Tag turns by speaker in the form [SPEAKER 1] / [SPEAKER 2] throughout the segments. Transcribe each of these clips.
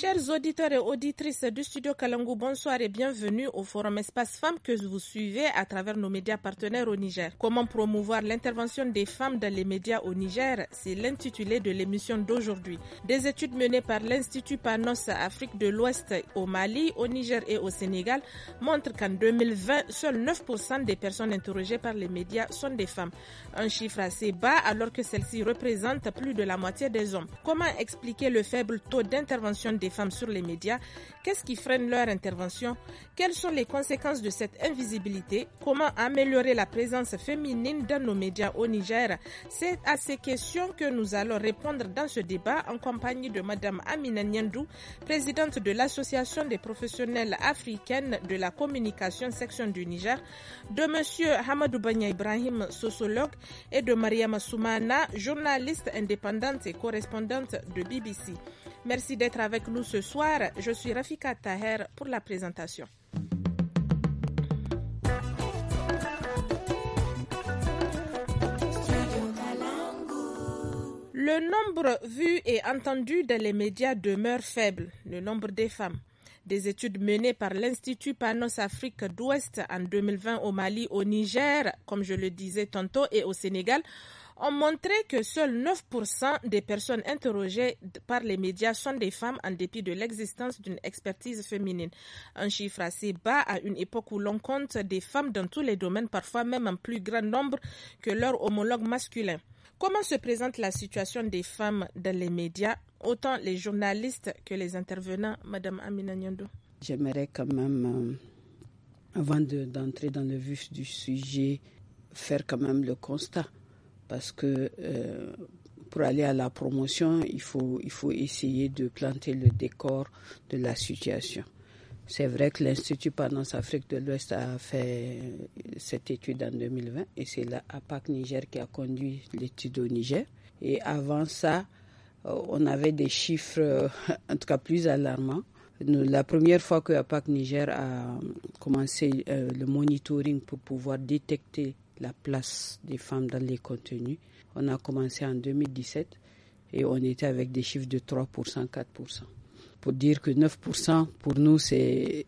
[SPEAKER 1] Chers auditeurs et auditrices du studio Kalangu, bonsoir et bienvenue au forum Espace Femmes que vous suivez à travers nos médias partenaires au Niger. Comment promouvoir l'intervention des femmes dans les médias au Niger C'est l'intitulé de l'émission d'aujourd'hui. Des études menées par l'Institut Panos Afrique de l'Ouest au Mali, au Niger et au Sénégal montrent qu'en 2020, seuls 9% des personnes interrogées par les médias sont des femmes. Un chiffre assez bas alors que celles-ci représentent plus de la moitié des hommes. Comment expliquer le faible taux d'intervention des femmes sur les médias Qu'est-ce qui freine leur intervention Quelles sont les conséquences de cette invisibilité Comment améliorer la présence féminine dans nos médias au Niger C'est à ces questions que nous allons répondre dans ce débat en compagnie de Madame Amina Nyandou, présidente de l'Association des professionnels africaines de la communication section du Niger, de Monsieur Hamadou Banya Ibrahim, sociologue, et de Mariama Soumana, journaliste indépendante et correspondante de BBC. Merci d'être avec nous ce soir. Je suis Rafika Taher pour la présentation. Le nombre vu et entendu dans les médias demeure faible, le nombre des femmes. Des études menées par l'Institut Panos Afrique d'Ouest en 2020 au Mali, au Niger, comme je le disais tantôt, et au Sénégal, ont montré que seuls 9% des personnes interrogées par les médias sont des femmes en dépit de l'existence d'une expertise féminine. Un chiffre assez bas à une époque où l'on compte des femmes dans tous les domaines, parfois même en plus grand nombre que leurs homologues masculins. Comment se présente la situation des femmes dans les médias, autant les journalistes que les intervenants, Madame Amina
[SPEAKER 2] J'aimerais quand même, euh, avant d'entrer dans le vif du sujet, faire quand même le constat parce que euh, pour aller à la promotion, il faut, il faut essayer de planter le décor de la situation. C'est vrai que l'Institut Panance Afrique de l'Ouest a fait cette étude en 2020 et c'est l'APAC Niger qui a conduit l'étude au Niger. Et avant ça, euh, on avait des chiffres euh, en tout cas plus alarmants. La première fois que l'APAC Niger a commencé le monitoring pour pouvoir détecter la place des femmes dans les contenus. On a commencé en 2017 et on était avec des chiffres de 3%, 4%. Pour dire que 9%, pour nous, c'est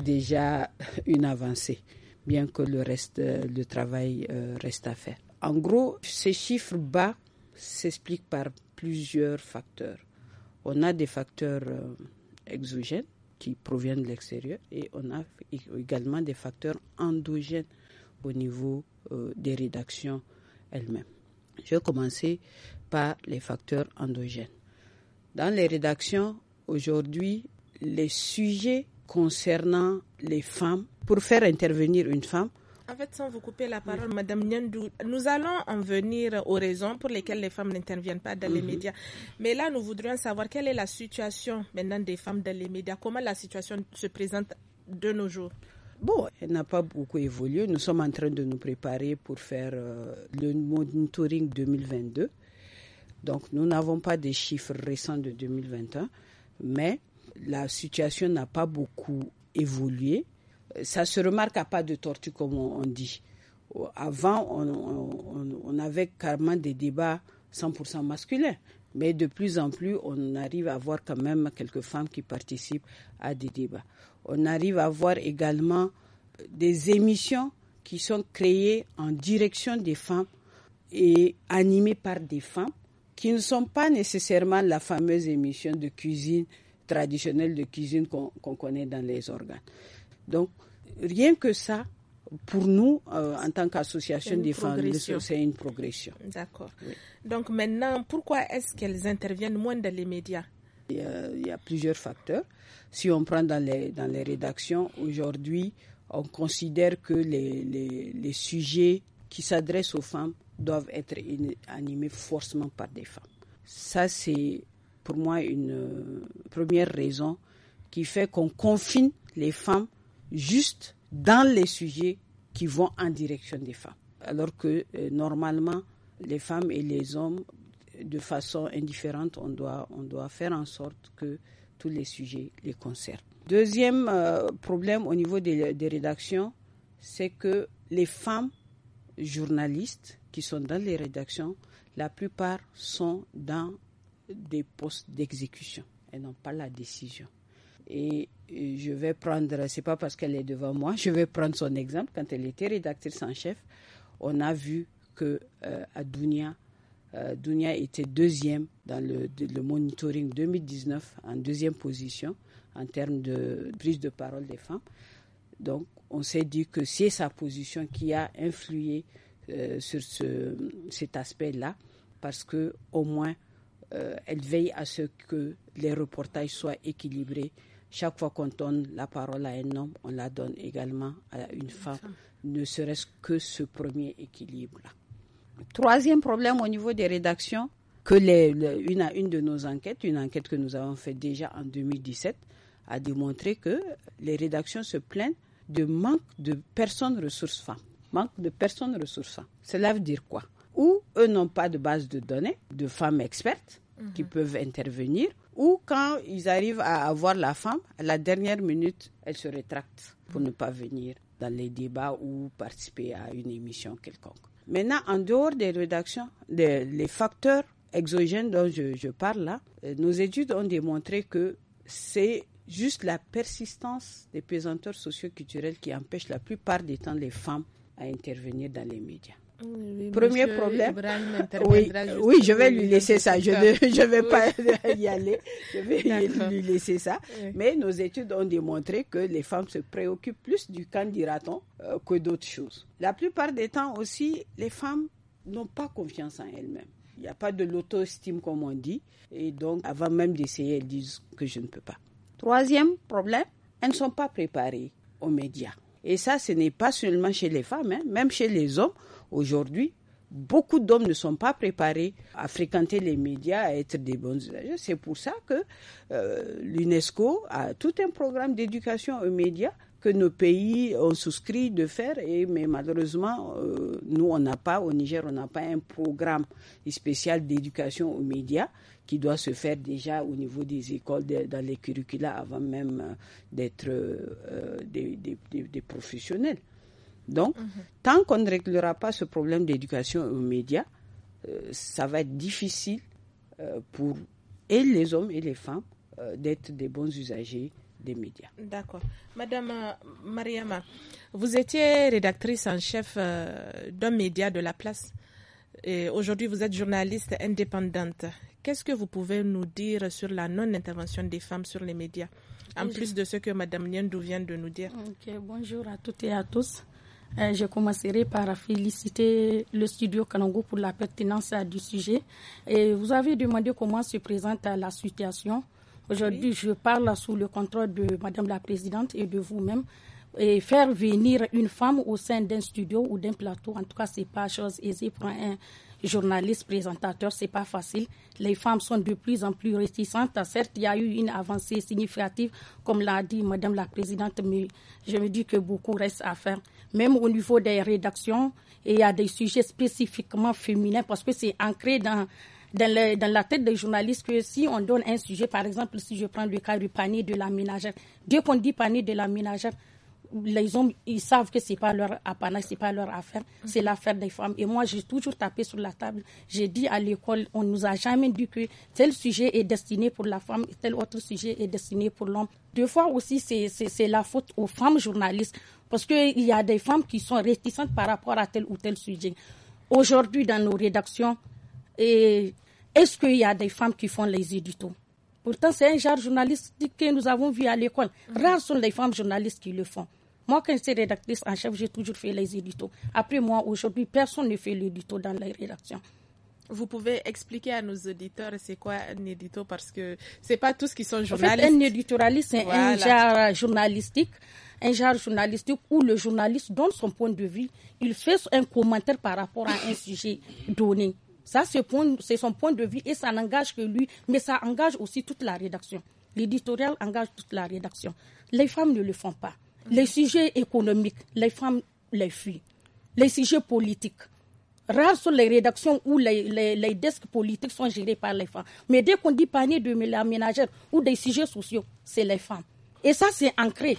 [SPEAKER 2] déjà une avancée, bien que le reste, euh, le travail euh, reste à faire. En gros, ces chiffres bas s'expliquent par plusieurs facteurs. On a des facteurs euh, exogènes qui proviennent de l'extérieur et on a également des facteurs endogènes au niveau euh, des rédactions elles-mêmes. Je vais commencer par les facteurs endogènes. Dans les rédactions, aujourd'hui, les sujets concernant les femmes, pour faire intervenir une femme,
[SPEAKER 1] en fait, sans vous couper la parole, Madame Nyandou, nous allons en venir aux raisons pour lesquelles les femmes n'interviennent pas dans les mhm. médias. Mais là, nous voudrions savoir quelle est la situation maintenant des femmes dans les médias. Comment la situation se présente de nos jours
[SPEAKER 2] Bon, elle n'a pas beaucoup évolué. Nous sommes en train de nous préparer pour faire euh, le monitoring 2022. Donc, nous n'avons pas des chiffres récents de 2021, mais la situation n'a pas beaucoup évolué. Ça se remarque à pas de tortue, comme on, dit. Avant, on, on avait carrément des débats 100% masculins. Mais de plus en plus, on arrive à voir quand même quelques femmes qui participent à des débats on arrive à voir également des émissions qui sont créées en direction des femmes et animées par des femmes qui ne sont pas nécessairement la fameuse émission de cuisine traditionnelle de cuisine qu'on connaît dans les organes. Donc, rien que ça, pour nous, euh, en tant qu'association des femmes, c'est une progression.
[SPEAKER 1] D'accord. Donc maintenant, pourquoi est-ce qu'elles interviennent moins dans les médias
[SPEAKER 2] euh, il y, a, plusieurs facteurs. Si on prend dans les, dans les rédactions, aujourd'hui, on considère que les, les, sujets qui s'adressent aux femmes doivent être animés forcément par des femmes. Ça, c'est pour moi une euh, première raison qui fait qu'on confine les femmes juste dans les sujets qui vont en direction des femmes. Alors que euh, normalement, les femmes et les hommes de façon indifférente, on doit, on doit faire en sorte que tous les sujets les concernent. Deuxième euh, problème au niveau des, rédactions, c'est que les femmes journalistes qui sont dans les rédactions, la plupart sont dans des postes d'exécution et n'ont pas la décision. Et euh, je vais prendre, c'est pas parce qu'elle est devant moi, je vais prendre son exemple. Quand elle était rédactrice en chef, on a vu que euh, Dounia, euh, Dounia était deuxième dans le, monitoring 2019, en deuxième position en termes de prise de parole des femmes. Donc, on s'est dit que c'est sa position qui a influé euh, sur cet aspect-là, parce que au moins, euh, elle veille à ce que les reportages soient équilibrés. Chaque fois qu'on donne la parole à un homme, on la donne également à une femme, ne serait-ce que ce premier équilibre-là. Troisième problème au niveau des rédactions, que une de nos enquêtes, une enquête que nous avons faite déjà en 2017, a démontré que les rédactions se plaignent de manque de personnes ressources femmes. Manque de personnes ressources femmes. Cela veut dire quoi Ou eux n'ont pas de base de données de femmes expertes mhm. qui peuvent intervenir, ou quand ils arrivent à avoir la femme, à la dernière minute, elle se rétracte pour ne pas venir dans les débats ou participer à une émission quelconque. Maintenant, en dehors des rédactions, des, les facteurs exogènes dont je, parle là, euh, nos études ont démontré que c'est juste la persistance des pesanteurs socioculturels qui empêche la plupart des temps les femmes à intervenir dans les médias. Premier problème. Oui, je vais lui laisser ça. Je ne je vais pas y aller. Je vais lui laisser ça. Mais nos études ont démontré que les femmes se préoccupent plus du candidaton euh, que d'autres choses. La plupart des temps aussi, les femmes n'ont pas confiance en elles-mêmes. Il n'y a pas de l'auto-estime comme on dit. Et donc, avant même d'essayer, elles disent que je ne peux pas. Troisième problème, elles ne sont pas préparées aux médias. Et ça, ce n'est pas seulement chez les femmes, hein. même chez les hommes. Aujourd'hui, beaucoup d'hommes ne sont pas préparés à fréquenter les médias, à être des bons usagers. C'est pour ça que euh, l'UNESCO a tout un programme d'éducation aux médias que nos pays ont souscrit de faire, et, mais malheureusement, euh, nous, on n'a pas, au Niger, on n'a pas un programme spécial d'éducation aux médias qui doit se faire déjà au niveau des écoles, dans les curricula, avant même euh, d'être euh, des, professionnels. Donc, mhm. tant qu'on ne réglera pas ce problème d'éducation aux médias, euh, ça va être difficile pour et les hommes et les femmes d'être des bons usagers des médias.
[SPEAKER 1] D'accord. Madame Mariama, vous étiez rédactrice en chef d'un média de la place. Aujourd'hui, vous êtes journaliste indépendante. Qu'est-ce que vous pouvez nous dire sur la non-intervention des femmes sur les médias, en plus de ce que Mme Niendou vient de nous dire
[SPEAKER 3] Bonjour à toutes et à tous. Euh, je commencerai par féliciter le studio Kanango pour la pertinence du sujet. Et vous avez demandé comment se présente la situation. Aujourd'hui, je parle sous le contrôle de Madame la Présidente et de vous-même et faire venir une femme au sein d'un studio ou d'un plateau, en tout cas, c'est pas chose aisée pour un journaliste, présentateur, c'est pas facile. Les femmes sont de plus en plus réticentes. Certes, il y a eu une avancée significative, comme l'a dit Madame la Présidente, mais je me dis que beaucoup reste à faire. Même au niveau des rédactions, il y a des sujets spécifiquement féminins parce que c'est ancré dans dans, dans, la tête des journalistes que si on donne un sujet, par exemple, si je prends le cas du panier de la ménagère, Dieu qu'on dit panier de la ménagère, les hommes, ils savent que c'est pas leur ce c'est pas leur affaire, c'est l'affaire des femmes. Et moi, j'ai toujours tapé sur la table. J'ai dit à l'école, on nous a jamais dit que tel sujet est destiné pour la femme, tel autre sujet est destiné pour l'homme. Deux fois aussi, c'est la faute aux femmes journalistes, parce qu'il y a des femmes qui sont réticentes par rapport à tel ou tel sujet. Aujourd'hui, dans nos rédactions, est-ce qu'il y a des femmes qui font les éditos? Pourtant, c'est un genre journalistique que nous avons vu à l'école. Mhm. Rares sont les femmes journalistes qui le font. Moi, quand j'étais rédactrice en chef, j'ai toujours fait les éditos. Après moi, aujourd'hui, personne ne fait l'édito dans la rédaction.
[SPEAKER 1] Vous pouvez expliquer à nos auditeurs c'est quoi un édito parce que ce n'est pas tous qui sont journalistes. En fait, un éditorialiste, c'est un genre
[SPEAKER 3] journalistique, un genre journalistique où le journaliste donne son point de vue, il fait un commentaire par rapport à un sujet donné. Ça, c'est son point de vue et ça n'engage que lui, mais ça engage aussi toute la rédaction. L'éditorial engage toute la rédaction. Les femmes ne le font pas. Les sujets économiques, les femmes les fuient. Les sujets politiques. Rares sont les rédactions où les, les, les desks politiques sont gérés par les femmes. Mais dès qu'on dit panier de ménagères ménagère ou des sujets sociaux, c'est les femmes. Et ça, c'est ancré.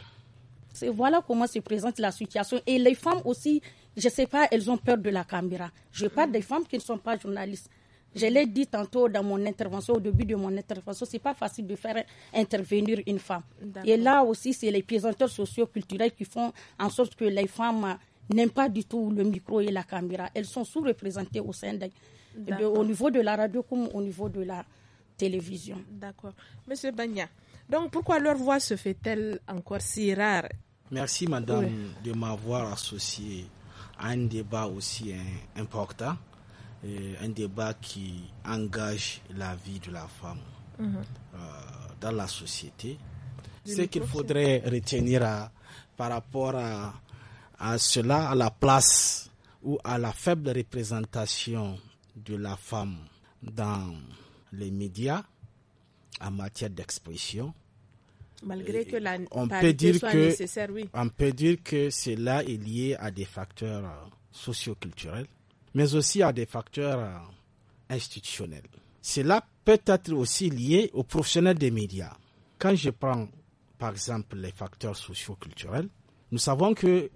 [SPEAKER 3] Voilà comment se présente la situation. Et les femmes aussi, je ne sais pas, elles ont peur de la caméra. Je parle des femmes qui ne sont pas journalistes. Je l'ai dit tantôt dans mon intervention, au début de mon intervention, n'est pas facile de faire intervenir une femme. Et là aussi, c'est les présenteurs culturels qui font en sorte que les femmes n'aiment pas du tout le micro et la caméra. Elles sont sous-représentées au sein
[SPEAKER 1] de, au
[SPEAKER 3] niveau de la radio comme au niveau de la télévision.
[SPEAKER 1] D'accord. Monsieur Bagna, donc pourquoi leur voix se fait-elle encore si rare
[SPEAKER 4] Merci, madame, de m'avoir associé un débat aussi important, euh, un débat qui engage la vie de la femme mhm. euh, dans la société. Ce qu'il faudrait retenir euh, par rapport à cela, à la place ou à la faible représentation de la femme dans les médias en matière d'expression,
[SPEAKER 1] Malgré que la on peut dire soit que, nécessaire, oui.
[SPEAKER 4] On peut dire que cela est lié à des facteurs euh, socioculturels, mais aussi à des facteurs euh, institutionnels. Cela peut être aussi lié aux professionnels des médias. Quand je prends, par exemple, les facteurs socioculturels, nous savons que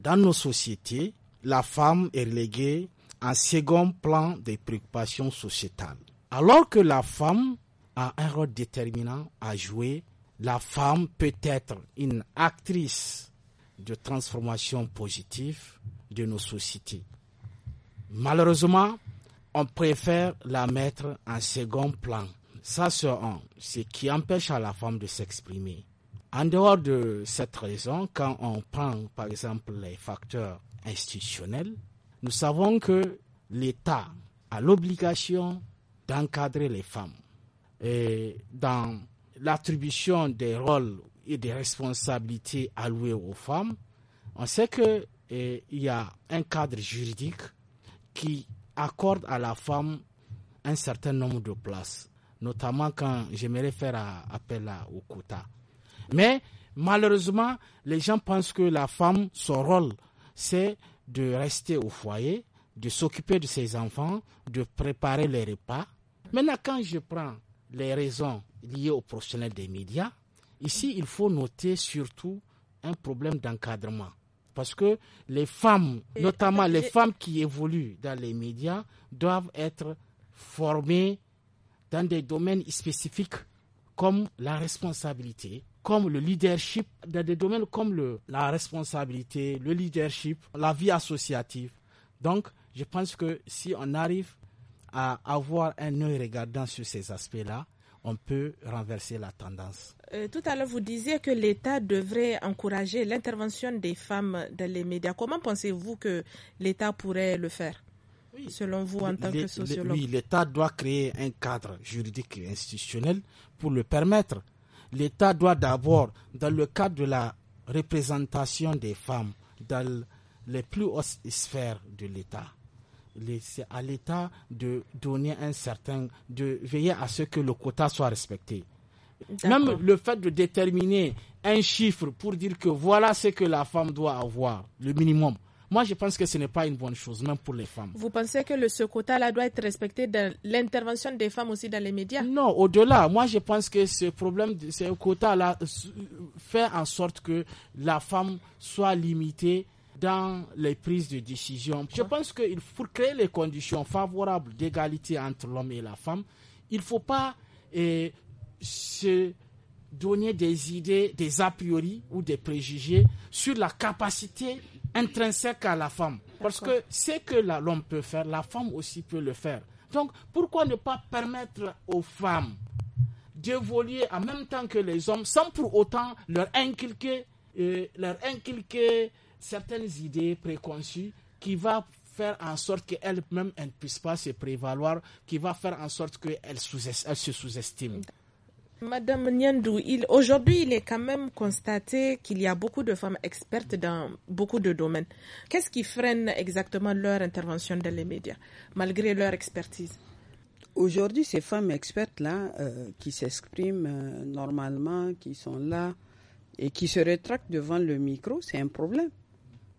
[SPEAKER 4] dans nos sociétés, la femme est reléguée en second plan des préoccupations sociétales, alors que la femme a un rôle déterminant à jouer la femme peut être une actrice de transformation positive de nos sociétés. Malheureusement, on préfère la mettre en second plan. Ça, c'est ce qui empêche à la femme de s'exprimer. En dehors de cette raison, quand on prend par exemple les facteurs institutionnels, nous savons que l'État a l'obligation d'encadrer les femmes. Et dans l'attribution des rôles et des responsabilités allouées aux femmes, on sait qu'il eh, y a un cadre juridique qui accorde à la femme un certain nombre de places, notamment quand j'aimerais faire appel au quota. Mais malheureusement, les gens pensent que la femme, son rôle, c'est de rester au foyer, de s'occuper de ses enfants, de préparer les repas. Maintenant, quand je prends les raisons liés aux professionnels des médias. Ici, il faut noter surtout un problème d'encadrement. Parce que les femmes, notamment les femmes qui évoluent dans les médias, doivent être formées dans des domaines spécifiques comme la responsabilité, comme le leadership, dans des domaines comme le, la responsabilité, le leadership, la vie associative. Donc, je pense que si on arrive à avoir un œil regardant sur ces aspects-là, on peut renverser la tendance.
[SPEAKER 1] Euh, tout à l'heure, vous disiez que l'État devrait encourager l'intervention des femmes dans les médias. Comment pensez-vous que l'État pourrait le faire Selon vous, en tant que sociologue Oui,
[SPEAKER 4] l'État doit créer un cadre juridique et institutionnel pour le permettre. L'État doit d'abord, dans le cadre de la représentation des femmes dans les plus hautes sphères de l'État, c'est à l'État de donner un certain, de veiller à ce que le quota soit respecté. Même le fait de déterminer un chiffre pour dire que voilà ce que la femme doit avoir, le minimum. Moi, je pense que ce n'est pas une bonne chose, même pour les femmes.
[SPEAKER 1] Vous pensez que le, ce quota-là doit être respecté dans l'intervention des femmes aussi dans les médias Non, au-delà. Moi, je pense que ce problème, ce quota-là euh, fait en sorte que la
[SPEAKER 4] femme soit limitée dans les prises de décision. Je pense que pour créer les conditions favorables d'égalité entre l'homme et la femme, il ne faut pas eh, se donner des idées, des a priori ou des préjugés sur la capacité intrinsèque à la femme. Parce que ce que l'homme peut faire, la femme aussi peut le faire. Donc pourquoi ne pas permettre aux femmes d'évoluer en même temps que les hommes sans pour autant leur inculquer, eh, leur inculquer certaines idées préconçues qui va faire en sorte quelles même ne puissent pas se prévaloir, qui va faire en sorte qu'elles se sous estiment
[SPEAKER 1] Madame Nyandou, aujourd'hui, il est quand même constaté qu'il y a beaucoup de femmes expertes dans beaucoup de domaines. Qu'est-ce qui freine exactement leur intervention dans les médias, malgré leur expertise
[SPEAKER 2] Aujourd'hui, ces femmes expertes-là, euh, qui s'expriment euh, normalement, qui sont là et qui se rétractent devant le micro, c'est un problème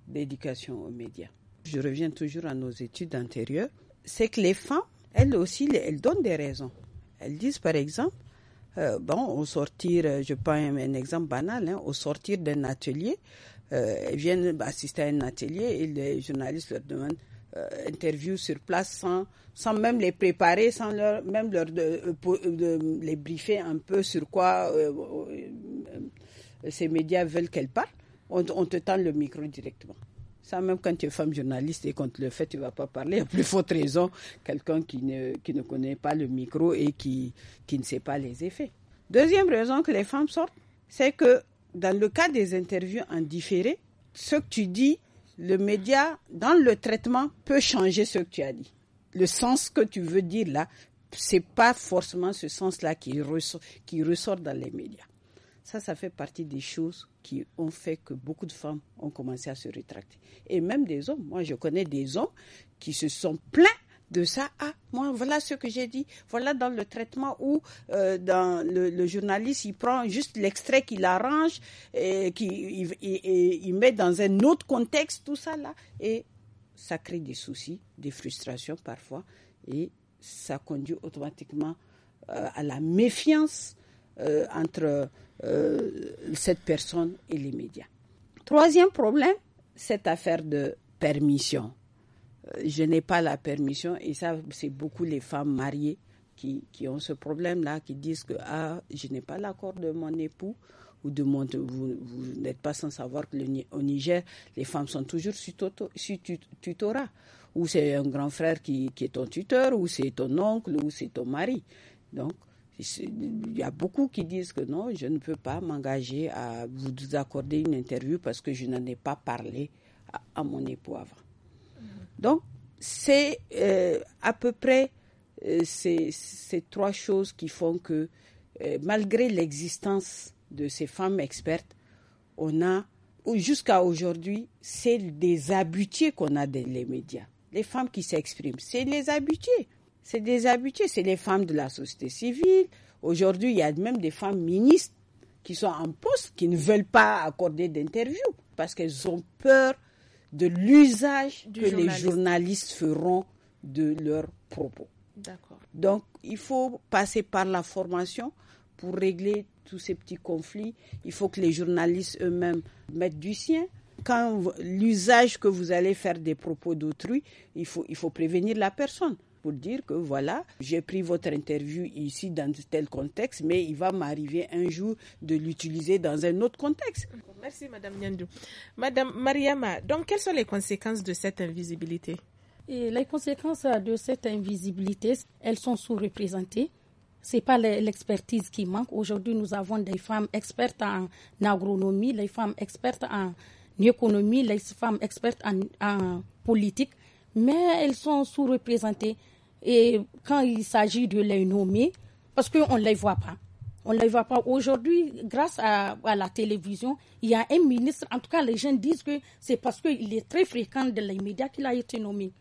[SPEAKER 2] d'éducation aux médias. Je reviens toujours à nos études antérieures. C'est que les femmes, elles aussi, elles donnent des raisons. Elles disent, par exemple, euh, bon, au sortir, euh, je prends un, exemple banal, hein, au sortir d'un atelier, euh, elles viennent assister à un atelier et les journalistes leur demandent euh, interview sur place sans, sans même les préparer, sans leur, même leur de, les briefer un peu sur quoi ces médias veulent qu'elles parlent on, te tend le micro directement. Ça, même quand tu es femme journaliste et qu'on te le fait, tu ne vas pas parler. Il y a plus faute raison, quelqu'un qui ne, qui ne connaît pas le micro et qui, qui ne sait pas les effets. Deuxième raison que les femmes sortent, c'est que dans le cas des interviews en différé, ce que tu dis, le média, dans le traitement, peut changer ce que tu as dit. Le sens que tu veux dire là, n'est pas forcément ce sens-là qui qui ressort dans les médias. Ça, ça fait partie des choses qui ont fait que beaucoup de femmes ont commencé à se rétracter. Et même des hommes. Moi, je connais des hommes qui se sont plaints de ça. Ah, moi, voilà ce que j'ai dit. Voilà dans le traitement où euh, dans le, journaliste, il prend juste l'extrait qu'il arrange, et il, met dans un autre contexte, tout ça là. Et ça crée des soucis, des frustrations parfois. Et ça conduit automatiquement euh, à la méfiance euh, entre cette euh, personne et les médias. Troisième problème, cette affaire de permission. Euh, je n'ai pas la permission et ça, c'est beaucoup les femmes mariées qui, qui ont ce problème-là, qui disent que ah, je n'ai pas l'accord de mon époux ou de mon, vous, vous n'êtes pas sans savoir que au Niger, les femmes sont toujours sur, tutorat. Ou c'est un grand frère qui, qui est ton tuteur, ou c'est ton oncle, ou c'est ton mari. Donc, il y a beaucoup qui disent que non, je ne peux pas m'engager à vous accorder une interview parce que je n'en ai pas parlé à, mon époux avant. Donc, c'est euh, à peu près euh, ces, trois choses qui font que, euh, malgré l'existence de ces femmes expertes, on a, jusqu'à aujourd'hui, c'est des habitués qu'on a dans les médias. Les femmes qui s'expriment, c'est les habitués c'est des habitués, c'est les femmes de la société civile. Aujourd'hui, il y a même des femmes ministres qui sont en poste, qui ne veulent pas accorder d'interview parce qu'elles ont peur de l'usage que les journalistes feront de leurs propos. Donc, il faut passer par la formation pour régler tous ces petits conflits. Il faut que les journalistes eux-mêmes mettent du sien. Quand l'usage que vous allez faire des propos d'autrui, il faut, il faut prévenir la personne pour dire que voilà, j'ai pris votre interview ici dans tel contexte,
[SPEAKER 1] mais il va m'arriver un jour de l'utiliser dans un autre contexte. Merci, Madame Nyandou. Madame Mariama, donc quelles sont les conséquences de cette invisibilité
[SPEAKER 3] Les conséquences de cette invisibilité, elles sont sous-représentées. Ce n'est pas l'expertise qui manque. Aujourd'hui, nous avons des femmes expertes en agronomie, les femmes expertes en économie, les femmes expertes en politique mais elles sont sous-représentées. Et quand il s'agit de les nommer, parce qu'on ne les voit pas. On ne les voit pas. Aujourd'hui, grâce à, à, la télévision, il y a un ministre, en tout cas les gens disent que c'est parce qu'il est très fréquent dans les médias qu'il a été nommé.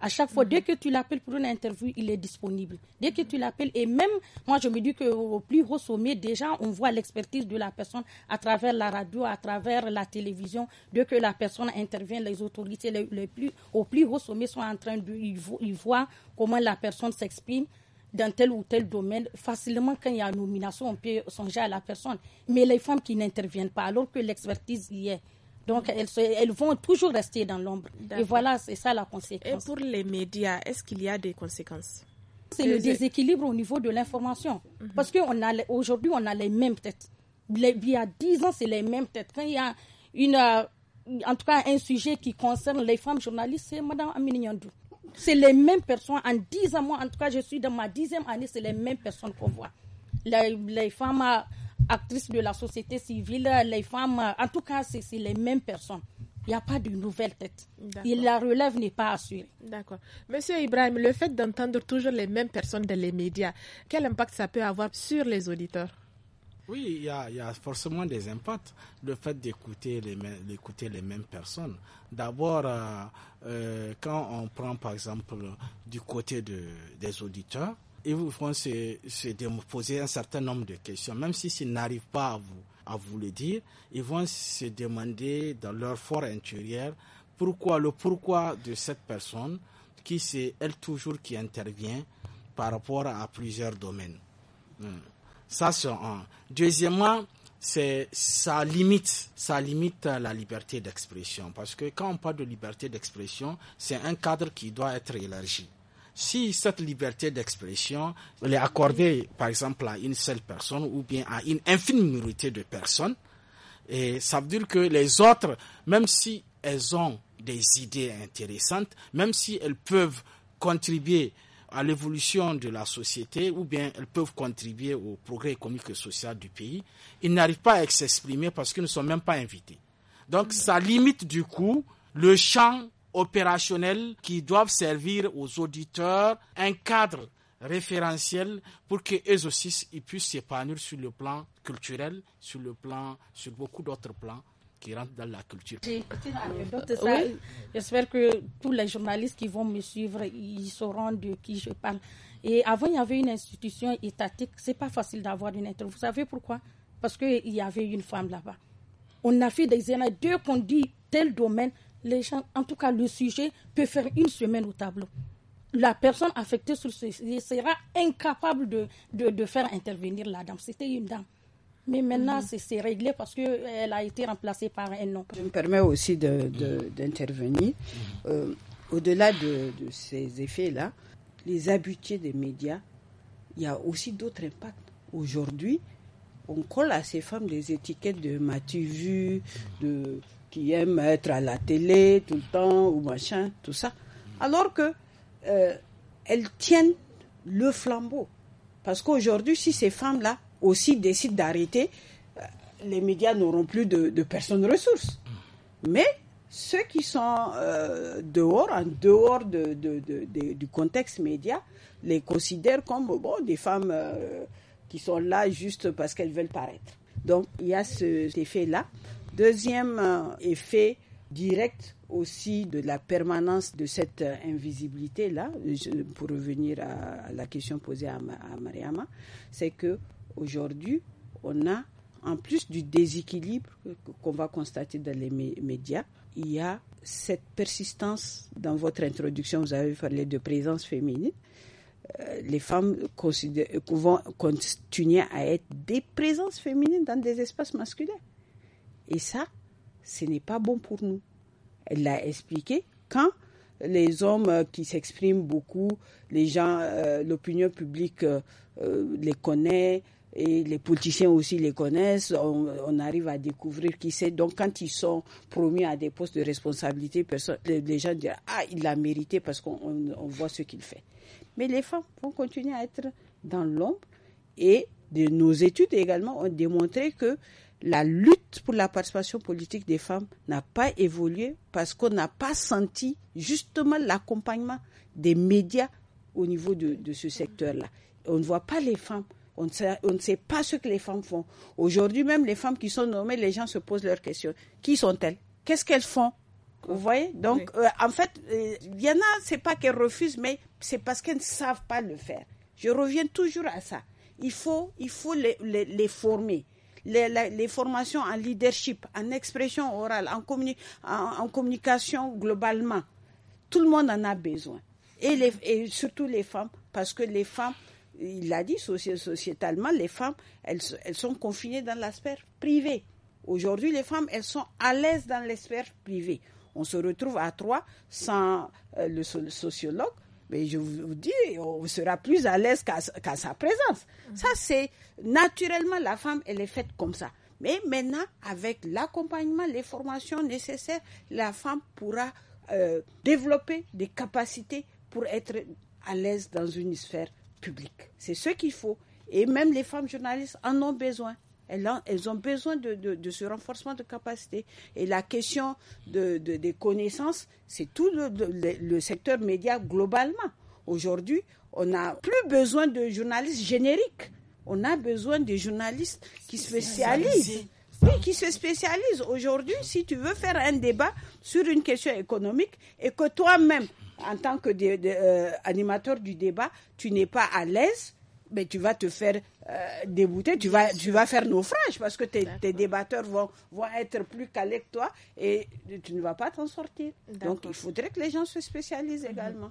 [SPEAKER 3] À chaque fois, mm. dès que tu l'appelles pour une interview, il est disponible. Dès que tu l'appelles, et même moi, je me dis qu'au plus haut sommet, déjà, on voit l'expertise de la personne à travers la radio, à travers la télévision. Dès que la personne intervient, les autorités les, plus, au plus haut sommet sont en train de. Ils, voient comment la personne s'exprime dans tel ou tel domaine, facilement quand il y a une nomination, on peut songer à la personne. Mais les femmes qui n'interviennent pas, alors que l'expertise y est, donc, elles, vont toujours rester dans l'ombre. Et voilà, c'est ça la conséquence.
[SPEAKER 1] Et pour les médias, est-ce qu'il y a des conséquences
[SPEAKER 3] C'est le déséquilibre au niveau de l'information. Mhm. Parce qu'aujourd'hui, on a les mêmes têtes. il y a dix ans, c'est les mêmes têtes. Quand il y a une, euh, en tout cas un sujet qui concerne les femmes journalistes, c'est Mme Amine Yandou. C'est les mêmes personnes. En dix ans, moi, en tout cas, je suis dans ma dixième année, c'est les mêmes personnes qu'on voit. les femmes euh, actrices de la société civile, les femmes, en tout cas, c'est les
[SPEAKER 1] mêmes personnes. Il n'y a pas de nouvelle tête. la relève n'est pas assurée. D'accord. Monsieur Ibrahim, le fait d'entendre toujours les mêmes personnes dans les médias, quel impact ça peut avoir sur les auditeurs
[SPEAKER 4] oui, il y, a, forcément des impacts. Le fait d'écouter les, les mêmes personnes. D'abord, euh, euh, quand on prend par exemple du côté des auditeurs, ils vont se, poser un certain nombre de questions, même si s'ils n'arrivent pas à vous, à vous le dire, ils vont se demander dans leur fort intérieur pourquoi, le pourquoi de cette personne qui c'est elle toujours qui intervient par rapport à plusieurs domaines. Hmm. Ça, c'est un. Deuxièmement, c'est ça limite, ça limite la liberté d'expression parce que quand on parle de liberté d'expression, c'est un cadre qui doit être élargi. Si cette liberté d'expression est accordée, par exemple, à une seule personne ou bien à une infime minorité de personnes, ça veut dire que les autres, même si elles ont des idées intéressantes, même si elles peuvent contribuer à l'évolution de la société ou bien elles peuvent contribuer au progrès économique et social du pays, ils n'arrivent pas à s'exprimer parce qu'ils ne sont même pas invités. Donc ça limite du coup le champ opérationnels qui doivent servir aux auditeurs un cadre référentiel pour que aussi ils puissent s'épanouir sur le plan culturel, sur le plan, sur beaucoup d'autres plans qui rentrent dans la culture. Euh, oui.
[SPEAKER 3] J'espère que tous les journalistes qui vont me suivre, ils sauront de qui je parle. Et avant, il y avait une institution étatique. C'est pas facile d'avoir une interview. Vous savez pourquoi Parce qu'il y avait une femme là-bas. On a fait des années, deux qu'on dit tel domaine, gens, en tout cas, le sujet peut faire une semaine au tableau. La personne affectée sur ce sera incapable de, de, faire intervenir la dame. C'était une dame. Mais maintenant, mhm. c'est réglé parce qu'elle a été remplacée par un homme.
[SPEAKER 2] Je me permets aussi d'intervenir. Mhm. Euh, au-delà de, ces effets-là, les habitués des médias, il y a aussi d'autres impacts. Aujourd'hui, on colle à ces femmes des étiquettes de mas de qui aiment être à la télé tout le temps ou machin, tout ça. Alors que euh, elles tiennent le flambeau. Parce qu'aujourd'hui, si ces femmes-là aussi décident d'arrêter, euh, les médias n'auront plus de, personnes ressources. Mais ceux qui sont euh, dehors, en dehors de, du contexte média, les considèrent comme bon, des femmes qui sont là juste parce qu'elles veulent paraître. Donc il y a cet effet-là. Deuxième euh, effet direct aussi de la permanence de cette euh, invisibilité-là, euh, pour revenir à la question posée à, Mariama, c'est que aujourd'hui, on a, en plus du déséquilibre qu'on va constater dans les médias, il y a cette persistance dans votre introduction, vous avez parlé de présence féminine. Les femmes vont continuer à être des présences féminines dans des espaces masculins. Et ça, ce n'est pas bon pour nous. Elle l'a expliqué quand les hommes euh, qui s'expriment beaucoup, les gens, euh, l'opinion publique euh, les connaît et les politiciens aussi les connaissent. On, arrive à découvrir qui c'est. Donc quand ils sont promis à des postes de responsabilité, les, gens diront ah il l'a mérité parce qu'on voit ce qu'il fait. Mais les femmes vont continuer à être dans l'ombre et de nos études également ont démontré que la lutte pour la participation politique des femmes n'a pas évolué parce qu'on n'a pas senti justement l'accompagnement des médias au niveau de, ce secteur-là. On ne voit pas les femmes. On ne, sait, pas ce que les femmes font. Aujourd'hui même, les femmes qui sont nommées, les gens se posent leurs questions. Qui sont-elles Qu'est-ce qu'elles font vous voyez Donc, euh, en fait, il euh, y en a, c'est pas qu'elles refusent, mais c'est parce qu'elles ne savent pas le faire. Je reviens toujours à ça. Il faut, il faut les former les, formations en leadership, en expression orale, en, en, communication globalement. Tout le monde en a besoin. Et, et surtout les femmes, parce que les femmes, il l'a dit sociétalement, les femmes, elles, elles sont confinées dans la sphère privée. Aujourd'hui, les femmes, elles sont à l'aise dans la sphère privée. On se retrouve à trois sans euh, le sociologue, mais je vous dis, on sera plus à l'aise qu'à sa présence. Ça, c'est naturellement la femme, elle est faite comme ça. Mais maintenant, avec l'accompagnement, les formations nécessaires, la femme pourra euh, développer des capacités pour être à l'aise dans une sphère publique. C'est ce qu'il faut. Et même les femmes journalistes en ont besoin. Elles ont, besoin de, ce renforcement de capacité. Et la question de, des connaissances, c'est tout le, secteur média globalement. Aujourd'hui, on n'a plus besoin de journalistes génériques. On a besoin de journalistes qui se spécialisent. Oui, qui se spécialisent. Aujourd'hui, si tu veux faire un débat sur une question économique et que toi-même, en tant que euh, du débat, tu n'es pas à l'aise, mais tu vas te faire euh, débouter, tu vas, tu vas faire naufrage parce que tes, débatteurs vont, vont être plus calés que toi et tu ne vas pas t'en sortir. Donc il faudrait que les gens se spécialisent également.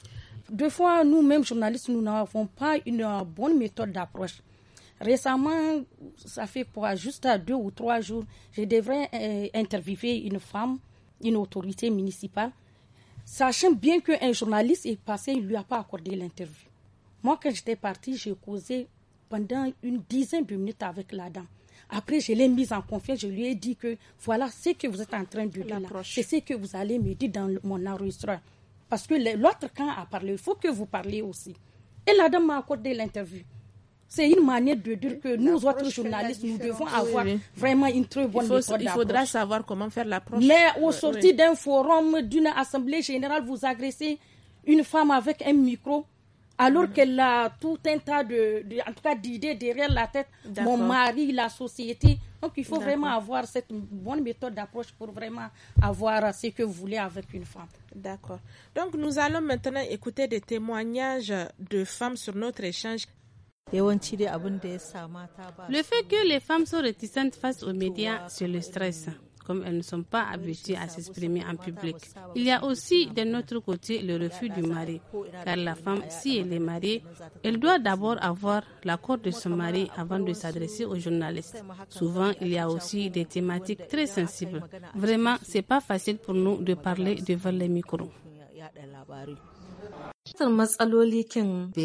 [SPEAKER 3] Deux fois, nous-mêmes, journalistes, nous n'avons pas une bonne méthode d'approche. Récemment, ça fait quoi Juste à deux ou trois jours, je devrais euh, interviewer une femme, une autorité municipale, sachant bien qu'un journaliste est passé, il ne lui a pas accordé l'interview. Moi, quand j'étais partie, j'ai causé pendant une dizaine de minutes avec la dame. Après, je l'ai mise en confiance, je lui ai dit que voilà ce que vous êtes en train de dire c'est ce que vous allez me dire dans mon enregistreur. Parce que l'autre camp a parlé, il faut que vous parliez aussi. Et la dame m'a accordé l'interview. C'est une manière de dire que nous autres journalistes, nous devons avoir
[SPEAKER 1] vraiment une très bonne il, il faudra savoir comment faire l'approche.
[SPEAKER 3] Mais au sorti d'un forum, d'une assemblée générale, vous agressez une femme avec un micro, alors qu'elle a tout un tas de, en tout cas d'idées derrière la tête mon mari la société donc il faut vraiment avoir cette bonne méthode d'approche pour vraiment
[SPEAKER 1] avoir ce que vous voulez avec une femme d'accord donc nous allons maintenant écouter des témoignages de femmes sur notre échange le fait que les femmes sont réticentes face aux médias, c'est le stress comme elles ne sont pas
[SPEAKER 3] habituées à s'exprimer en public. Il y a aussi de notre côté le refus du mari, car la femme, si elle est mariée, elle doit d'abord avoir l'accord de son mari avant de s'adresser aux journalistes. Souvent, il y a aussi des thématiques très sensibles. Vraiment, ce
[SPEAKER 5] n'est pas facile pour nous de parler devant les micros. Hein.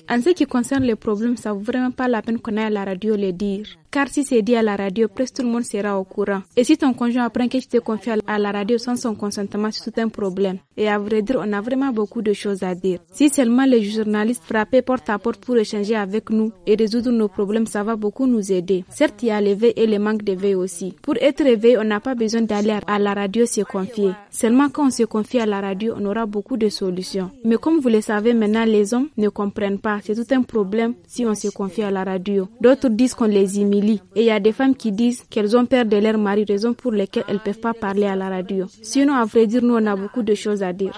[SPEAKER 1] En ce qui concerne les problèmes, ça vaut vraiment pas la peine qu'on aille à la radio les dire. Car si c'est dit à la radio, presque tout le monde sera au courant. Et si ton conjoint apprend que tu te confies à la radio sans son consentement, c'est tout un problème. Et à vrai dire, on a vraiment beaucoup de choses à dire. Si seulement les journalistes frappaient porte à porte pour échanger avec nous et résoudre nos problèmes, ça va beaucoup nous aider. Certes, il y a l'éveil et le manque d'éveil aussi. Pour être éveillé, on n'a pas besoin d'aller à la radio se confier. Seulement quand on se confie à la radio, on aura beaucoup de solutions. Mais comme vous le savez maintenant, les hommes ne comprennent pas. C'est tout un problème si on se confie à la radio. D'autres disent qu'on les imite. Et il y a des femmes qui disent qu'elles ont peur de leur mari, raison pour laquelle elles ne peuvent pas parler à la radio.
[SPEAKER 5] Sinon, à vrai
[SPEAKER 1] dire, nous, on a beaucoup de choses à dire.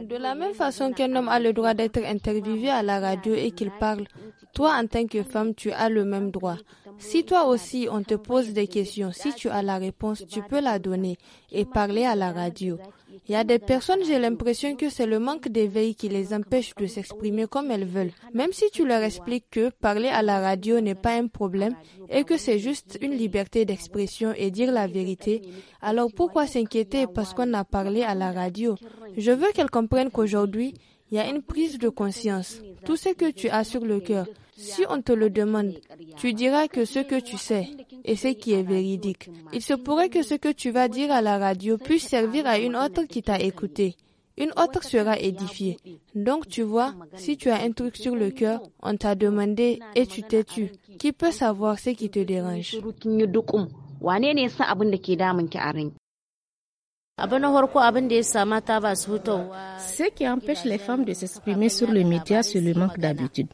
[SPEAKER 5] De la même façon qu'un homme a le droit d'être interviewé à la radio et qu'il parle, toi en tant que femme, tu as le même droit. Si toi aussi on te pose des questions, si tu as la réponse, tu peux la donner et parler à la radio. Il y a des personnes, j'ai l'impression que c'est le manque d'éveil qui les empêche de s'exprimer comme elles veulent. Même si tu leur expliques que parler à la radio n'est pas un problème et que c'est juste une liberté d'expression et dire la vérité, alors pourquoi s'inquiéter parce qu'on a parlé à la radio Je veux qu'elles comprennent qu'aujourd'hui, il y a une prise de conscience. Tout ce que tu as sur le cœur, si on te le demande, tu diras que ce que tu sais et ce qui est véridique. Il se pourrait que ce que tu vas dire à la radio puisse servir à une autre qui t'a écouté. Une autre sera édifiée. Donc tu vois, si tu as un truc sur le cœur, on t'a demandé et tu t'es tu. Qui peut savoir ce qui te dérange?
[SPEAKER 3] Ce qui empêche les femmes de
[SPEAKER 6] s'exprimer sur le métier, c'est le manque d'habitude.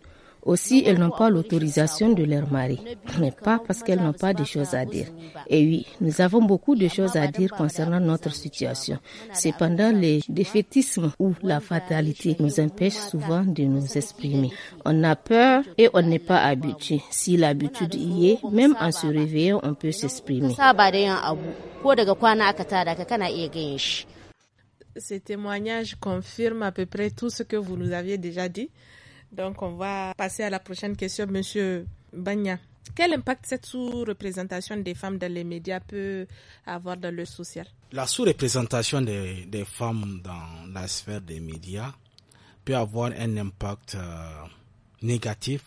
[SPEAKER 6] Aussi, elles n'ont pas l'autorisation de leur mari, mais pas parce qu'elles n'ont pas de choses à dire. Et oui, nous avons beaucoup de choses à dire concernant notre situation. Cependant, les défaitismes ou la fatalité nous empêche souvent de nous exprimer. On a peur et on n'est pas habitué. Si l'habitude y est, même
[SPEAKER 3] en se réveillant, on peut s'exprimer.
[SPEAKER 1] Ces témoignages confirment à peu près tout ce que vous nous aviez déjà dit. Donc, on va passer à la prochaine question, Monsieur Bagna. Quel impact cette sous-représentation des femmes dans les médias peut avoir dans le social
[SPEAKER 4] La sous-représentation des, femmes dans la sphère des médias peut avoir un impact euh, négatif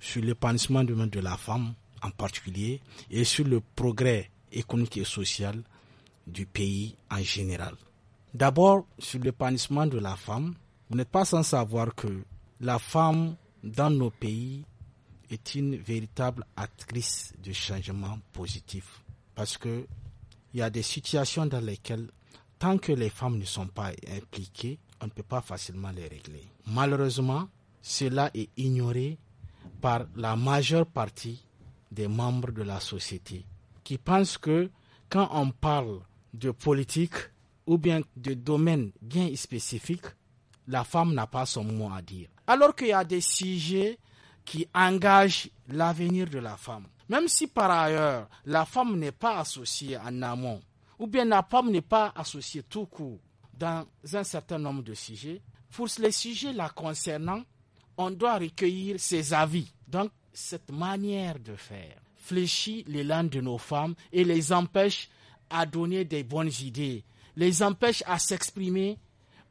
[SPEAKER 4] sur l'épanouissement de la femme en particulier et sur le progrès économique et social du pays en général. D'abord, sur l'épanouissement de la femme, vous n'êtes pas sans savoir que la femme dans nos pays est une véritable actrice de changement positif. Parce qu'il il y a des situations dans lesquelles, tant que les femmes ne sont pas impliquées, on ne peut pas facilement les régler. Malheureusement, cela est ignoré par la majeure partie des membres de la société qui pensent que quand on parle de politique ou bien de domaines bien spécifiques, la femme n'a pas son mot à dire alors qu'il y a des sujets qui engagent l'avenir de la femme. Même si par ailleurs la femme n'est pas associée en amont, ou bien la femme n'est pas associée tout court dans un certain nombre de sujets, pour les sujets la concernant, on doit recueillir ses avis. Donc cette manière de faire fléchit l'élan de nos femmes et les empêche à donner des bonnes idées, les empêche à s'exprimer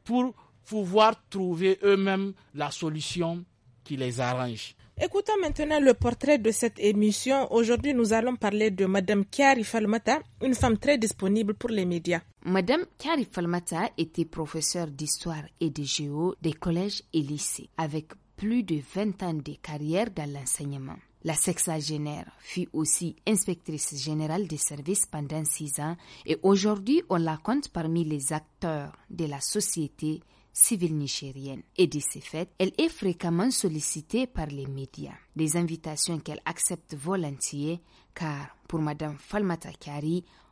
[SPEAKER 4] pour pouvoir trouver eux-mêmes la solution
[SPEAKER 1] qui les arrange. Écoutons maintenant le portrait de cette émission. Aujourd'hui, nous allons parler de Madame Kiari Falmata, une femme très disponible pour les médias. Madame Kiari
[SPEAKER 6] Falmata était professeure d'histoire et de géo des collèges et lycées, avec plus de 20 ans de carrière dans l'enseignement. La sexagénaire fut aussi inspectrice générale des services pendant six ans et aujourd'hui on la compte parmi les acteurs de la société civile nigérienne. Et de ces faits elle est fréquemment sollicitée par les médias. Des invitations qu'elle accepte volontiers, car pour Madame Falmata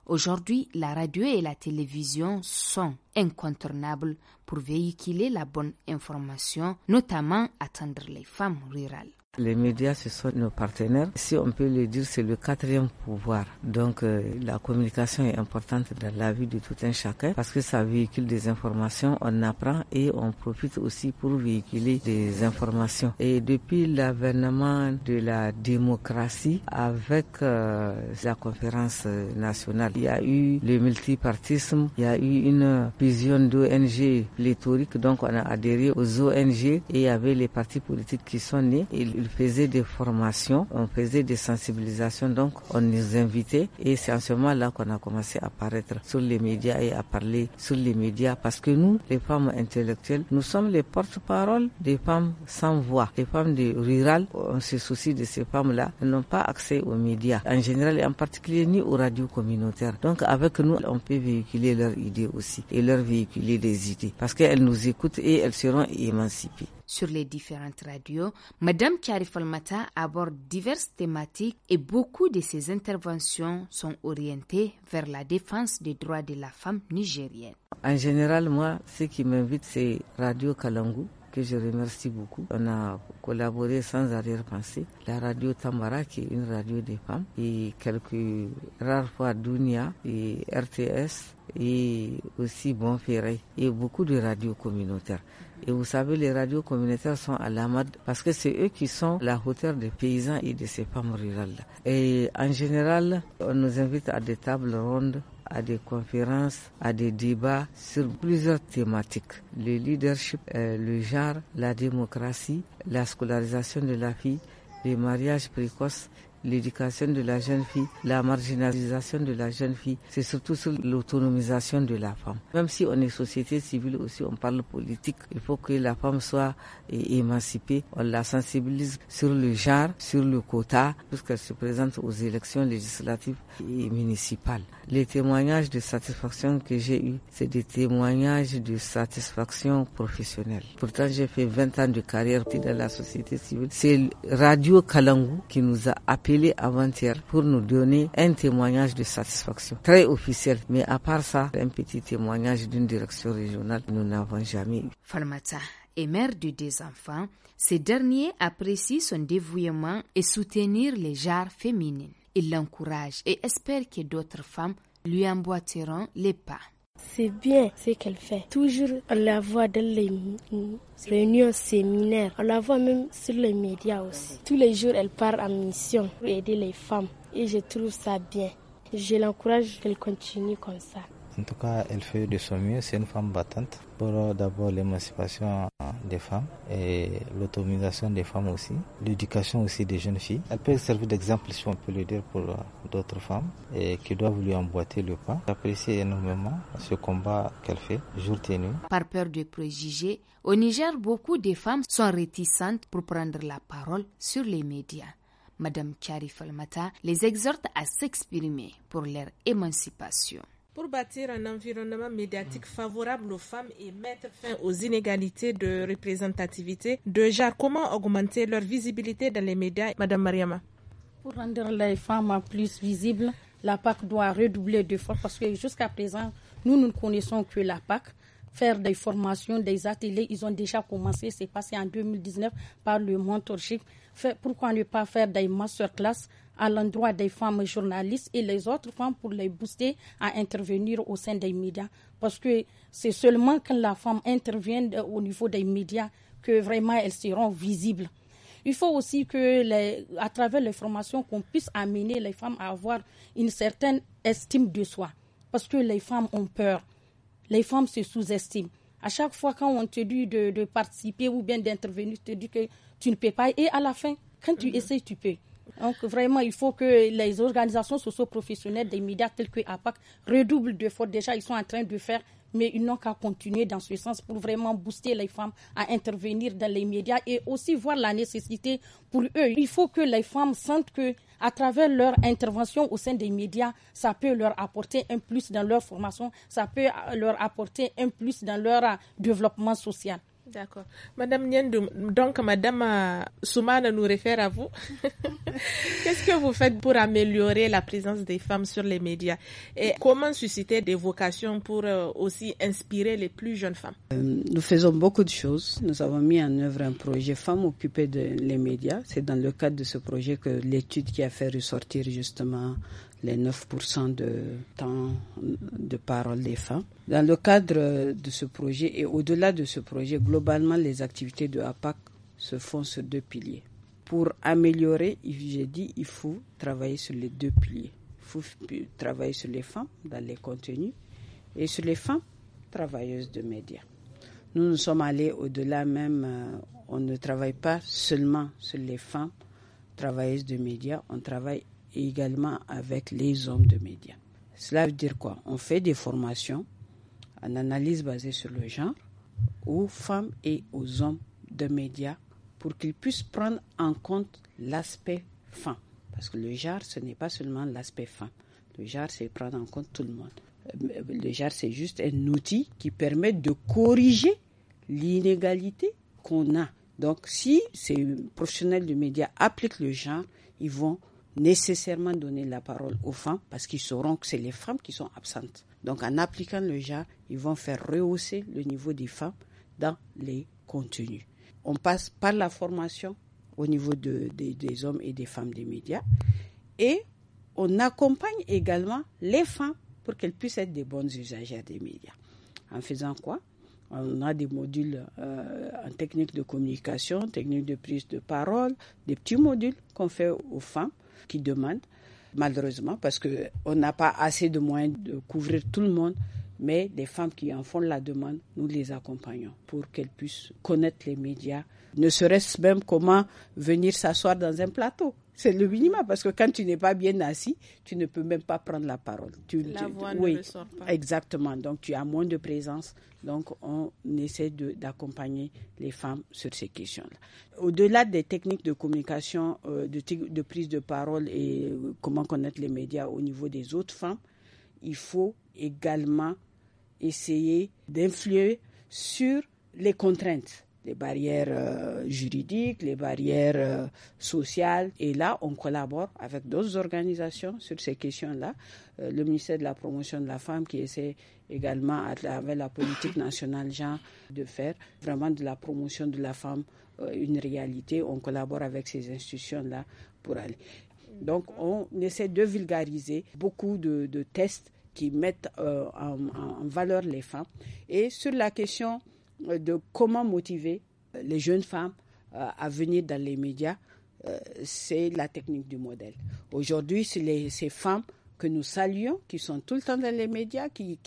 [SPEAKER 6] Aujourd'hui, la radio et la télévision sont incontournables pour véhiculer la bonne information, notamment atteindre les femmes rurales.
[SPEAKER 7] Les médias, ce sont nos partenaires. Si on peut le dire, c'est le quatrième pouvoir. Donc euh, la communication est importante dans la vie de tout un chacun parce que ça véhicule des informations, on apprend et on profite aussi pour véhiculer des informations. Et depuis l'avènement de la démocratie avec euh, la conférence nationale, il y a eu le multipartisme, il y a eu une vision d'ONG pléthorique, donc on a adhéré aux ONG et il y avait les partis politiques qui sont nés. Et ils faisait des formations, on faisait des sensibilisations, donc on les invitait et c'est en ce moment-là qu'on a commencé à apparaître sur les médias et à parler sur les médias parce que nous, les femmes intellectuelles, nous sommes les porte paroles des femmes sans voix, les femmes du rurales, on se soucie de ces femmes-là, elles n'ont pas accès aux médias en général et en particulier ni aux radios communautaires. Donc avec nous, on peut véhiculer leurs idées aussi et leur véhiculer des idées parce qu'elles nous écoutent et elles seront émancipées
[SPEAKER 6] sur les différentes radios, Madame Falmata aborde diverses thématiques et beaucoup de ses interventions sont orientées vers la défense des droits de la femme nigérienne.
[SPEAKER 7] En général, moi, ce qui m'invite, c'est Radio Kalangu que je remercie beaucoup. On a collaboré sans arrière-pensée. La radio Tamara, qui est une radio des femmes, et quelques rares fois Dunia et RTS, et aussi Bon et beaucoup de radios communautaires. Et vous savez, les radios communautaires sont à la mode parce que c'est eux qui sont la hauteur des paysans et de ces femmes rurales. Et en général, on nous invite à des tables rondes, à des conférences, à des débats sur plusieurs thématiques. Le leadership, euh, le genre, la démocratie, la scolarisation de la fille, les mariages précoces l'éducation de la jeune fille, la marginalisation de la jeune fille, c'est surtout sur l'autonomisation de la femme. Même si on est société civile aussi, on parle politique, il faut que la femme soit émancipée. On la sensibilise sur le genre, sur le quota, puisqu'elle se présente aux élections législatives et municipales. Les témoignages de satisfaction que j'ai eus, c'est des témoignages de satisfaction professionnelle. Pourtant, j'ai fait 20 ans de carrière dans la société civile. C'est Radio Kalangu qui nous a appelés appelé avant-hier pour nous donner un témoignage de satisfaction, très officiel. Mais à part ça, un petit témoignage d'une direction régionale, nous n'avons jamais eu.
[SPEAKER 6] Falmata est mère de deux enfants. Ces derniers apprécient son dévouement et soutenir les genres féminines. Il l'encourage et espère que d'autres femmes lui emboîteront les pas. C'est bien ce qu'elle fait. Toujours, on la voit dans les réunions séminaires. On la
[SPEAKER 3] voit même sur les médias aussi. Tous les jours, elle part en mission pour aider les femmes. Et je trouve ça bien. Je l'encourage qu'elle continue comme ça.
[SPEAKER 4] En tout cas, elle fait de son mieux. C'est une femme battante pour euh, d'abord l'émancipation des femmes et l'autonomisation des femmes aussi, l'éducation aussi des jeunes filles. Elle peut servir d'exemple, si on peut le dire, pour euh, d'autres femmes et qui doivent lui emboîter le pas. J'apprécie énormément ce combat qu'elle
[SPEAKER 7] fait, jour et
[SPEAKER 6] Par peur de préjugés, au Niger, beaucoup de femmes sont réticentes pour prendre la parole sur les médias. Madame Kari Falmata les exhorte à s'exprimer pour leur émancipation
[SPEAKER 1] pour bâtir un environnement médiatique favorable aux femmes et mettre fin aux inégalités de représentativité déjà Comment augmenter leur visibilité dans les médias, Madame Mariama
[SPEAKER 3] Pour rendre les femmes plus visibles, la PAC doit redoubler d'efforts parce que jusqu'à présent, nous, ne connaissons que la PAC faire des formations, des ateliers. Ils ont déjà commencé, c'est passé en 2019 par le mentorship. pourquoi ne pas faire des masterclass à l'endroit des femmes journalistes et les autres femmes pour les booster à intervenir au sein des médias. Parce que c'est seulement quand la femme intervient euh, au niveau des médias que vraiment elles seront visibles. Il faut aussi que, à travers les formations, qu'on puisse amener les femmes à avoir une certaine estime de soi. Parce que les femmes ont peur. Les femmes se sous-estiment. À chaque fois, quand on te dit de, de participer ou bien d'intervenir, tu te dis que tu ne peux pas. Et à la fin, quand tu mm-hmm. essaies, tu peux. Donc vraiment, il faut que les organisations socio-professionnelles des médias telles que APAC redoublent d'efforts. Déjà, ils sont en train de faire mais ils n'ont qu'à continuer dans ce sens pour vraiment booster les femmes à intervenir dans les médias et aussi voir la nécessité pour eux. Il faut que les femmes sentent que à travers leur intervention au sein des médias, ça peut leur apporter un plus dans leur formation, ça peut leur apporter
[SPEAKER 1] un plus dans leur euh, développement social. D'accord. Madame Niendoum, donc Madame euh, Soumane nous réfère à vous. Qu'est-ce que vous faites pour améliorer la présence des femmes sur les médias et comment susciter des vocations pour euh, aussi inspirer les plus jeunes femmes
[SPEAKER 2] euh, Nous faisons beaucoup de choses. Nous avons mis en œuvre un projet Femmes occupées des médias. C'est dans le cadre de ce projet que l'étude qui a fait ressortir justement les 9% de temps de parole des femmes. Dans le cadre de ce projet et au-delà de ce projet, globalement, les activités de APAC se font sur deux piliers. Pour améliorer, j'ai dit, il faut travailler sur les deux piliers. Il faut travailler sur les femmes dans les contenus et sur les femmes travailleuses de médias. Nous nous sommes allés au-delà même, euh, on ne travaille pas seulement sur les femmes travailleuses de médias, on travaille et également avec les hommes de médias. Cela veut dire quoi On fait des formations en analyse basée sur le genre aux femmes et aux hommes de médias pour qu'ils puissent prendre en compte l'aspect fin. Parce que le genre, ce n'est pas seulement l'aspect fin. Le genre, c'est prendre en compte tout le monde. Euh, le genre, c'est juste un outil qui permet de corriger l'inégalité qu'on a. Donc, si ces professionnels de médias appliquent le genre, ils vont nécessairement donner la parole aux femmes parce qu'ils sauront que c'est les femmes qui sont absentes. Donc en appliquant le genre, ils vont faire rehausser le niveau des femmes dans les contenus. On passe par la formation au niveau des hommes et des femmes des médias et on accompagne également les femmes pour qu'elles puissent être des bonnes usagères des médias. En faisant quoi on a des modules euh, en technique de communication, technique de prise de parole, des petits modules qu'on fait aux femmes qui demandent, malheureusement, parce qu'on n'a pas assez de moyens de couvrir tout le monde. Mais les femmes qui en font la demande, nous les accompagnons pour qu'elles puissent connaître les médias, ne serait-ce même comment venir s'asseoir dans un plateau. C'est le minimum parce que quand tu n'es pas bien assis, tu ne peux même pas prendre la parole. la voix ne ressort pas. Exactement. Donc tu as moins de présence. Donc on essaie d'accompagner les femmes sur ces questions-là. Au-delà des techniques de communication, euh, de, prise de parole et euh, comment connaître les médias au niveau des autres femmes, il faut également essayer d'influer sur les contraintes les barrières euh, juridiques, les barrières euh, sociales. Et là, on collabore avec d'autres organisations sur ces questions-là. Euh, le ministère de la Promotion de la Femme qui essaie également, à travers la politique nationale genre, de faire vraiment de la promotion de la femme une réalité. On collabore avec ces institutions-là pour aller. Donc, on essaie de vulgariser beaucoup de, tests qui mettent en, en valeur les femmes. Et sur la question euh, de comment motiver euh, les jeunes femmes euh, à venir dans les médias, c'est la technique du modèle. Aujourd'hui, ces femmes que nous saluons, qui sont tout le temps dans les médias, qui,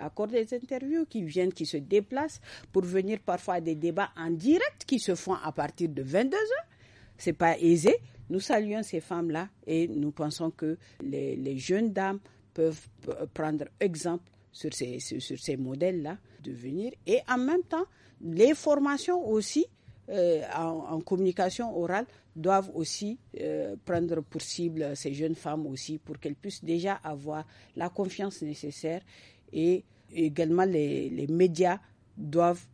[SPEAKER 2] accordent des interviews, qui viennent, qui se déplacent pour venir parfois à des débats en direct qui se font à partir de 22 heures. C'est pas aisé. Nous saluons ces femmes-là et nous pensons que les, jeunes dames peuvent prendre exemple sur sur ces modèles-là devenir. Et en même temps, les formations aussi euh, en, communication orale doivent aussi euh, prendre pour cible ces jeunes femmes aussi pour qu'elles puissent déjà avoir la confiance nécessaire et également les, les médias doivent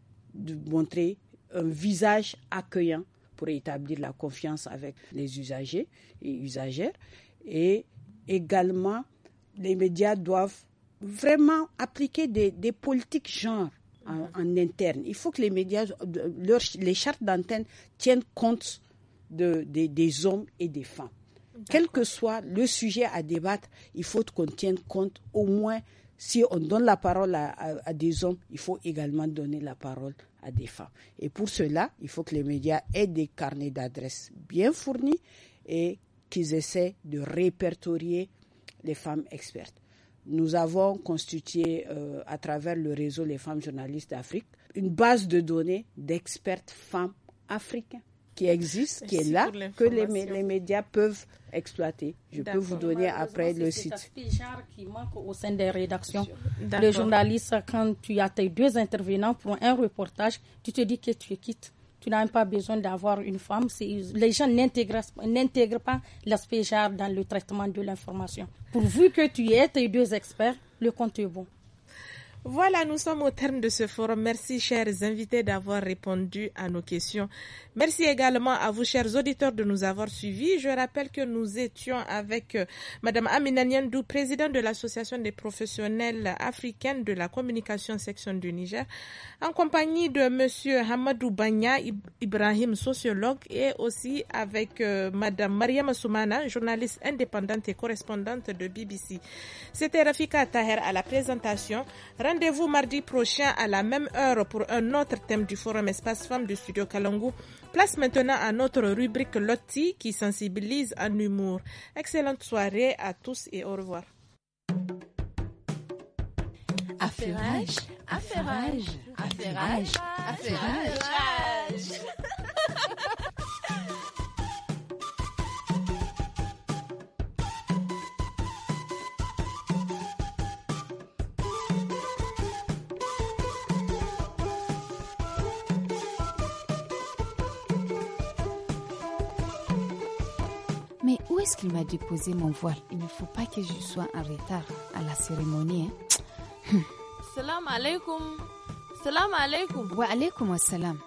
[SPEAKER 2] montrer un visage accueillant pour établir la confiance avec les usagers et usagères. Et également, les médias doivent vraiment appliquer des, politiques genre en, interne. Il faut que les médias, les chartes d'antenne tiennent compte des hommes et des femmes. Quel que soit le sujet à débattre, il faut qu'on tienne compte au moins si on donne la parole à, à, des hommes, il faut également donner la parole à des femmes. Et pour cela, il faut que les médias aient des carnets d'adresses bien fournis et qu'ils essaient de répertorier les femmes expertes nous avons constitué euh, à travers le réseau Les femmes journalistes d'Afrique une base de données d'expertes femmes africaines qui existe, qui est là, que les, médias peuvent exploiter. Je peux vous donner
[SPEAKER 3] après le site. C'est qui manque au sein des rédactions. Le journaliste, quand tu as tes deux intervenants pour un reportage, tu te dis que tu quittes tu n'as même pas besoin d'avoir une femme. Les gens n'intègrent pas l'aspect genre dans le traitement de l'information. Pourvu que tu aies tes deux experts, le compte est bon.
[SPEAKER 1] Voilà, nous sommes au terme de ce forum. Merci, chers invités, d'avoir répondu à nos questions. Merci également à vous, chers auditeurs, de nous avoir suivis. Je rappelle que nous étions avec euh, Madame Amina Niendou, présidente de l'Association des professionnels africains de la communication section du Niger, en compagnie de Monsieur Hamadou Banya Ibrahim, sociologue, et aussi avec euh, Madame Mariam Soumana, journaliste indépendante et correspondante de BBC. C'était Rafika Taher à la présentation. Rendez-vous mardi prochain à la même heure pour un autre thème du Forum Espace Femmes du Studio Kalangu. Place maintenant à notre rubrique Lotti qui sensibilise en humour. Excellente soirée à tous et au revoir.
[SPEAKER 6] qu'il m'a déposé mon voile, il ne faut pas que je sois en retard à la cérémonie.
[SPEAKER 5] Hein. Salam alaikum.
[SPEAKER 6] Salam alaikum. Wa alaikum assalam.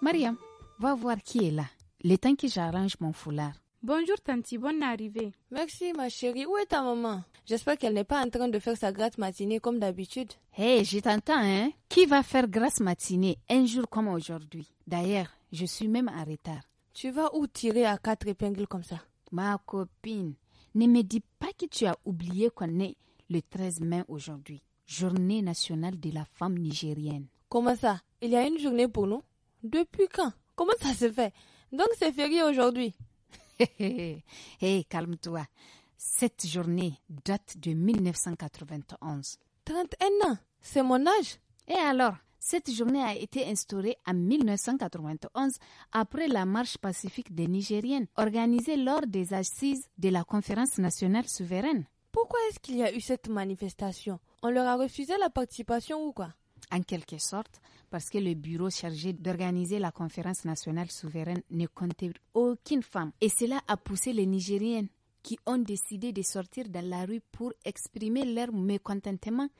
[SPEAKER 6] Mariam, va voir qui est là. Le temps que j'arrange mon foulard.
[SPEAKER 5] Bonjour Tanti, bonne arrivée. Merci ma chérie, où est ta maman J'espère qu'elle n'est pas en train de faire sa grasse matinée comme d'habitude.
[SPEAKER 6] Hé, hey, je t'entends, hein Qui va faire grasse matinée un jour comme aujourd'hui D'ailleurs, je suis même en retard. Tu vas où tirer à quatre épingles comme ça Ma copine, ne me dis pas que tu as oublié qu'on est le 13 mai aujourd'hui, journée nationale de la femme nigérienne.
[SPEAKER 5] Comment ça Il y a une journée pour nous Depuis quand Comment ça se fait
[SPEAKER 6] Donc c'est férié aujourd'hui. Hé, hey, calme-toi. Cette journée date de 1991. 31 ans C'est mon âge Et alors cette journée a été instaurée en 1991 après la marche pacifique des Nigériennes organisée lors des assises de la conférence nationale souveraine.
[SPEAKER 5] Pourquoi est-ce qu'il y a eu cette manifestation On leur a refusé la participation ou quoi
[SPEAKER 6] En quelque sorte, parce que le bureau chargé d'organiser la conférence nationale souveraine ne comptait aucune femme. Et cela a poussé les Nigériennes qui ont décidé de sortir dans la rue pour exprimer leur mécontentement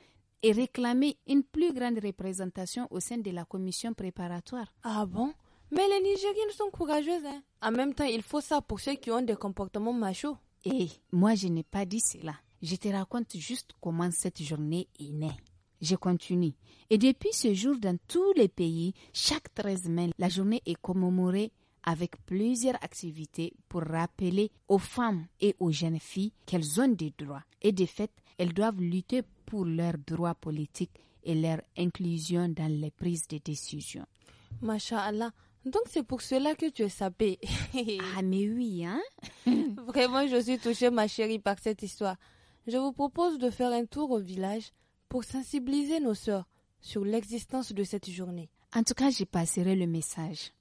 [SPEAKER 6] et réclamer une plus grande représentation au sein de la commission préparatoire. Ah bon Mais les Nigériennes sont courageuses. Hein? En même temps, il faut ça pour ceux qui ont des comportements machos. Et moi, je n'ai pas dit cela. Je te raconte juste comment cette journée est née. Je continue. Et depuis ce jour, dans tous les pays, chaque 13 mai, la journée est commémorée avec plusieurs activités pour rappeler aux femmes et aux jeunes filles qu'elles ont des droits et de fait, elles doivent lutter pour leurs droits politiques et leur inclusion dans les prises de décision.
[SPEAKER 5] Masha'Allah, donc c'est pour cela que tu es sapée. ah mais oui, hein Vraiment, je suis touchée, ma chérie, par cette histoire. Je vous propose de faire un tour au village pour sensibiliser nos sœurs sur l'existence de cette journée.
[SPEAKER 6] En tout cas, j'y passerai le message.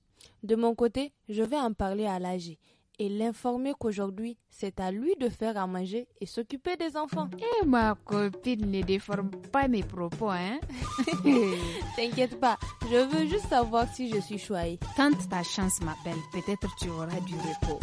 [SPEAKER 5] De mon côté, je vais en parler à l'âge et l'informer qu'aujourd'hui, c'est à lui de faire à manger et s'occuper des enfants. Et eh, ma copine ne déforme pas mes propos, hein T'inquiète pas, je veux juste savoir si je suis choyée. Quand ta chance, m'appelle,
[SPEAKER 6] Peut-être tu auras du repos.